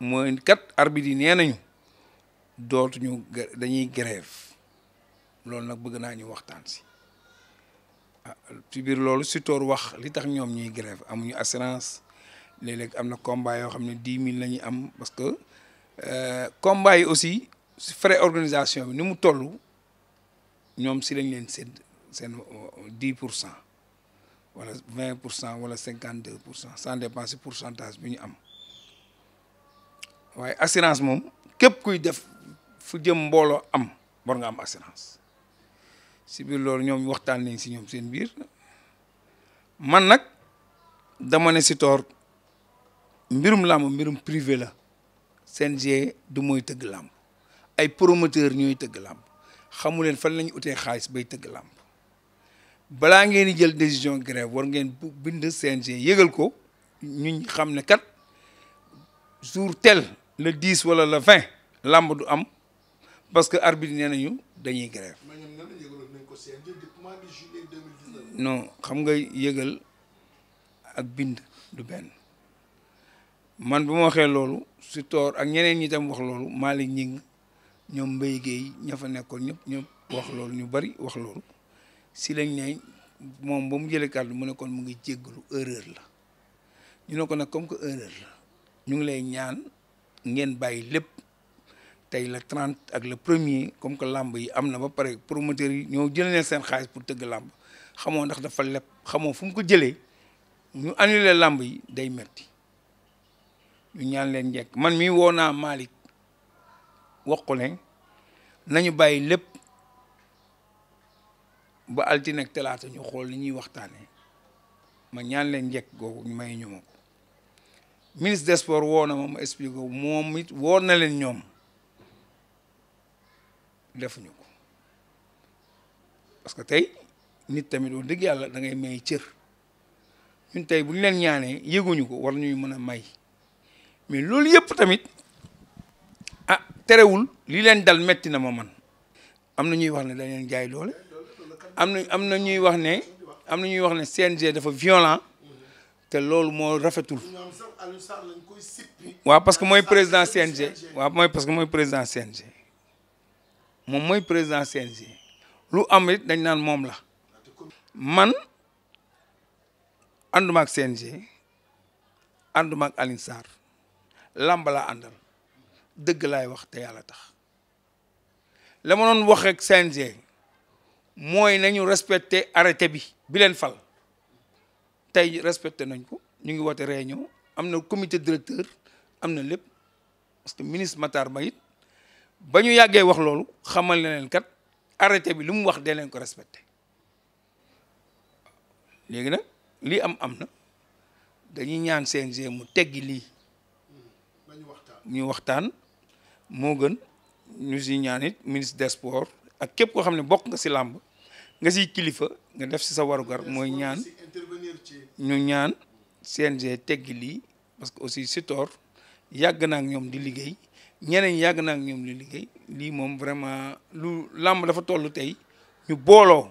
mooy kat arbitre nenañu dañuy grève bëgg si ah, ci loolu wax li tax grève assurance combat parce que euh, combat aussi frais organisation bi ni mu toll si lañ leen sans euh, dépenser pourcentage waaye assurance moom képp kuy def fu jëm mbooloo am war nga am assurance si biir loolu ñoom waxtaan nañ si ñoom seen biir man nag dama ne si toor mbirum làmb mbirum privé la CNG du mooy tëgg làmb ay promoteur ñooy tëgg làmb xamu leen fan lañu utee xaalis bay tëgg làmp balaa ngeen di jël décision grève war ngeen bu bind CNG yëgal ko ñu xam ne kat jour tel le 10 wala le 20 lamb du am parce que arbitre nenañu dañuy grève non xam nga yeugal ak bind du ben man bu ma waxee loolu si toor ak ñeneen ñi tam wax loolu malik Ñing ñom mbey geey ña fa nekkoon ñëpp ñëpp wax loolu ñu bari wax loolu si lañ ne mom bu mu jëlee kaddu mu ne kon mu ngi jéggalu erreur la ñu ne ko nag comme que erreur la ñu ngi lay ñaan ngeen bàyyi lépp tey la trent ak le premier comme que làmb yi am na ba pare promoteurs yi ñoo jëlee seen xaalis pour tëgg làmb xamoo ndax dafa leb xamoo fu mu ko jëlee ñu annulé làmb yi day metti ñu ñaan leen njekk man mii woo naa Malick wax ko ne nañu bàyyi lépp ba altine ak talaata ñu xool li ñuy waxtaanee ma ñaan leen njekk googu may ñu ko ministre des sports woo na ma ma expliqué moom it woo na leen ñoom defuñu ko parce que tey nit tamit wax dëgg yàlla da ngay may cër ñun tey bu leen ñaanee yëguñu ko war ñuy mën a may mais loolu yëpp tamit ah terewul li leen dal metti na ma man am na ñuy wax ne dañ leen jaay doole na am na ñuy wax ne am na ñuy wax ne CNG dafa violent te rafetul. Wa parce que moy président CNG. wa moy parce que moy président CNG suis président CNG lu am it dañ président la. man ak CNG ak Alinsar. Je suis wax te yalla tax la wax ak CNG moy nañu respecter tey respecté nañ ko ñu ngi woote réunion am na comité directeur am na lépp parce que ministre Matar Ba it ba ñu yàggee wax loolu xamal na leen kat arrêté bi lu mu wax de leen ko respecté léegi nag lii am am na dañuy ñaan seen CNG mu teggi lii ñu waxtaan moo gën ñu si ñaan ministre des sports ak képp koo xam ne bokk nga si làmb nga siy kilifa nga def si sa warugar mooy ñaan ñu ñaan CNG teggi lii parce que aussi Sitor yàgg na ak ñoom di liggéey ñeneen yàgg na ak ñoom di liggéey lii moom vraiment lu làmb dafa toll tey ñu booloo.